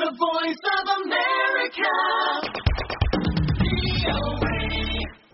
The Voice of America.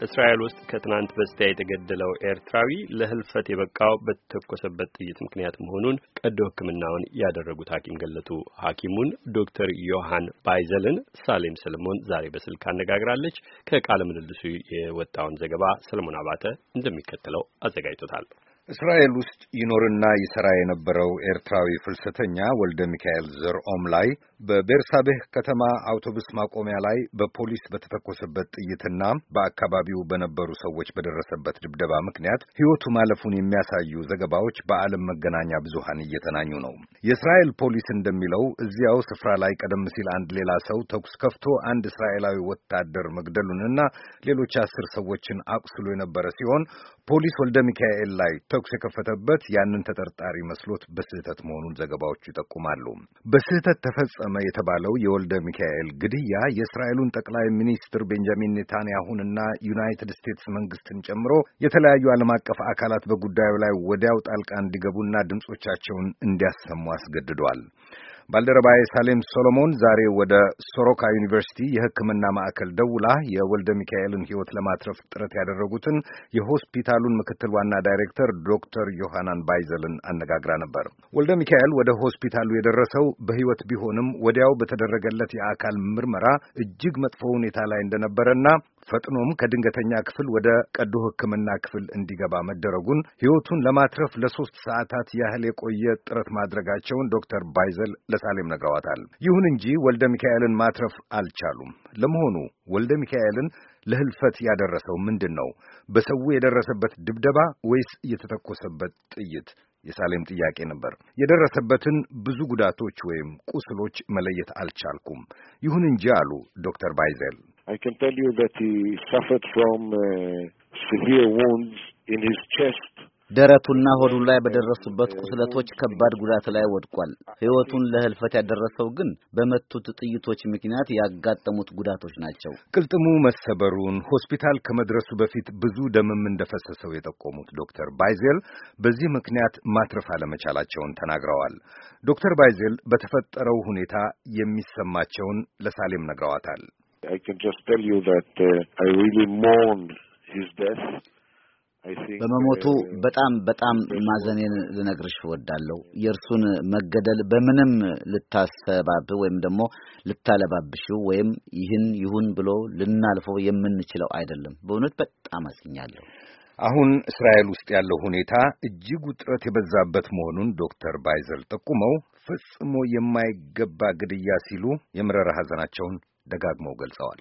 እስራኤል ውስጥ ከትናንት በስቲያ የተገደለው ኤርትራዊ ለህልፈት የበቃው በተተኮሰበት ጥይት ምክንያት መሆኑን ቀዶ ሕክምናውን ያደረጉት ሐኪም ገለጡ። ሐኪሙን ዶክተር ዮሐን ባይዘልን ሳሌም ሰለሞን ዛሬ በስልክ አነጋግራለች። ከቃለ ምልልሱ የወጣውን ዘገባ ሰለሞን አባተ እንደሚከተለው አዘጋጅቶታል። እስራኤል ውስጥ ይኖርና ይሠራ የነበረው ኤርትራዊ ፍልሰተኛ ወልደ ሚካኤል ዘርኦም ላይ በቤርሳቤህ ከተማ አውቶቡስ ማቆሚያ ላይ በፖሊስ በተተኮሰበት ጥይትና በአካባቢው በነበሩ ሰዎች በደረሰበት ድብደባ ምክንያት ሕይወቱ ማለፉን የሚያሳዩ ዘገባዎች በዓለም መገናኛ ብዙሃን እየተናኙ ነው። የእስራኤል ፖሊስ እንደሚለው እዚያው ስፍራ ላይ ቀደም ሲል አንድ ሌላ ሰው ተኩስ ከፍቶ አንድ እስራኤላዊ ወታደር መግደሉንና ሌሎች አስር ሰዎችን አቁስሎ የነበረ ሲሆን ፖሊስ ወልደ ሚካኤል ላይ ተኩስ የከፈተበት ያንን ተጠርጣሪ መስሎት በስህተት መሆኑን ዘገባዎቹ ይጠቁማሉ። በስህተት ተፈጸመ የተባለው የወልደ ሚካኤል ግድያ የእስራኤሉን ጠቅላይ ሚኒስትር ቤንጃሚን ኔታንያሁንና ዩናይትድ ስቴትስ መንግስትን ጨምሮ የተለያዩ ዓለም አቀፍ አካላት በጉዳዩ ላይ ወዲያው ጣልቃ እንዲገቡና ድምፆቻቸውን እንዲያሰሙ አስገድዷል። ባልደረባዬ ሳሌም ሶሎሞን ዛሬ ወደ ሶሮካ ዩኒቨርሲቲ የሕክምና ማዕከል ደውላ የወልደ ሚካኤልን ሕይወት ለማትረፍ ጥረት ያደረጉትን የሆስፒታሉን ምክትል ዋና ዳይሬክተር ዶክተር ዮሐናን ባይዘልን አነጋግራ ነበር። ወልደ ሚካኤል ወደ ሆስፒታሉ የደረሰው በሕይወት ቢሆንም ወዲያው በተደረገለት የአካል ምርመራ እጅግ መጥፎ ሁኔታ ላይ እንደነበረና ፈጥኖም ከድንገተኛ ክፍል ወደ ቀዶ ሕክምና ክፍል እንዲገባ መደረጉን ሕይወቱን ለማትረፍ ለሶስት ሰዓታት ያህል የቆየ ጥረት ማድረጋቸውን ዶክተር ባይዘል ለሳሌም ነግረዋታል። ይሁን እንጂ ወልደ ሚካኤልን ማትረፍ አልቻሉም። ለመሆኑ ወልደ ሚካኤልን ለህልፈት ያደረሰው ምንድን ነው? በሰው የደረሰበት ድብደባ ወይስ የተተኮሰበት ጥይት? የሳሌም ጥያቄ ነበር። የደረሰበትን ብዙ ጉዳቶች ወይም ቁስሎች መለየት አልቻልኩም። ይሁን እንጂ አሉ ዶክተር ባይዘል I can tell you that he suffered from uh, severe wounds in his chest. ደረቱና ሆዱ ላይ በደረሱበት uh, ቁስለቶች ከባድ ጉዳት ላይ ወድቋል። ሕይወቱን ለህልፈት ያደረሰው ግን በመቱት ጥይቶች ምክንያት ያጋጠሙት ጉዳቶች ናቸው። ቅልጥሙ መሰበሩን ሆስፒታል ከመድረሱ በፊት ብዙ ደምም እንደፈሰሰው የጠቆሙት ዶክተር ባይዜል በዚህ ምክንያት ማትረፍ አለመቻላቸውን ተናግረዋል። ዶክተር ባይዜል በተፈጠረው ሁኔታ የሚሰማቸውን ለሳሌም ነግረዋታል። በመሞቱ በጣም በጣም ማዘኔን ልነግርሽ እወዳለሁ። የእርሱን መገደል በምንም ልታሰባብ ወይም ደግሞ ልታለባብሽው ወይም ይህን ይሁን ብሎ ልናልፈው የምንችለው አይደለም። በእውነት በጣም አዝኛለሁ። አሁን እስራኤል ውስጥ ያለው ሁኔታ እጅግ ውጥረት የበዛበት መሆኑን ዶክተር ባይዘል ጠቁመው ፈጽሞ የማይገባ ግድያ ሲሉ የመረራ ሐዘናቸውን ደጋግመው ገልጸዋል።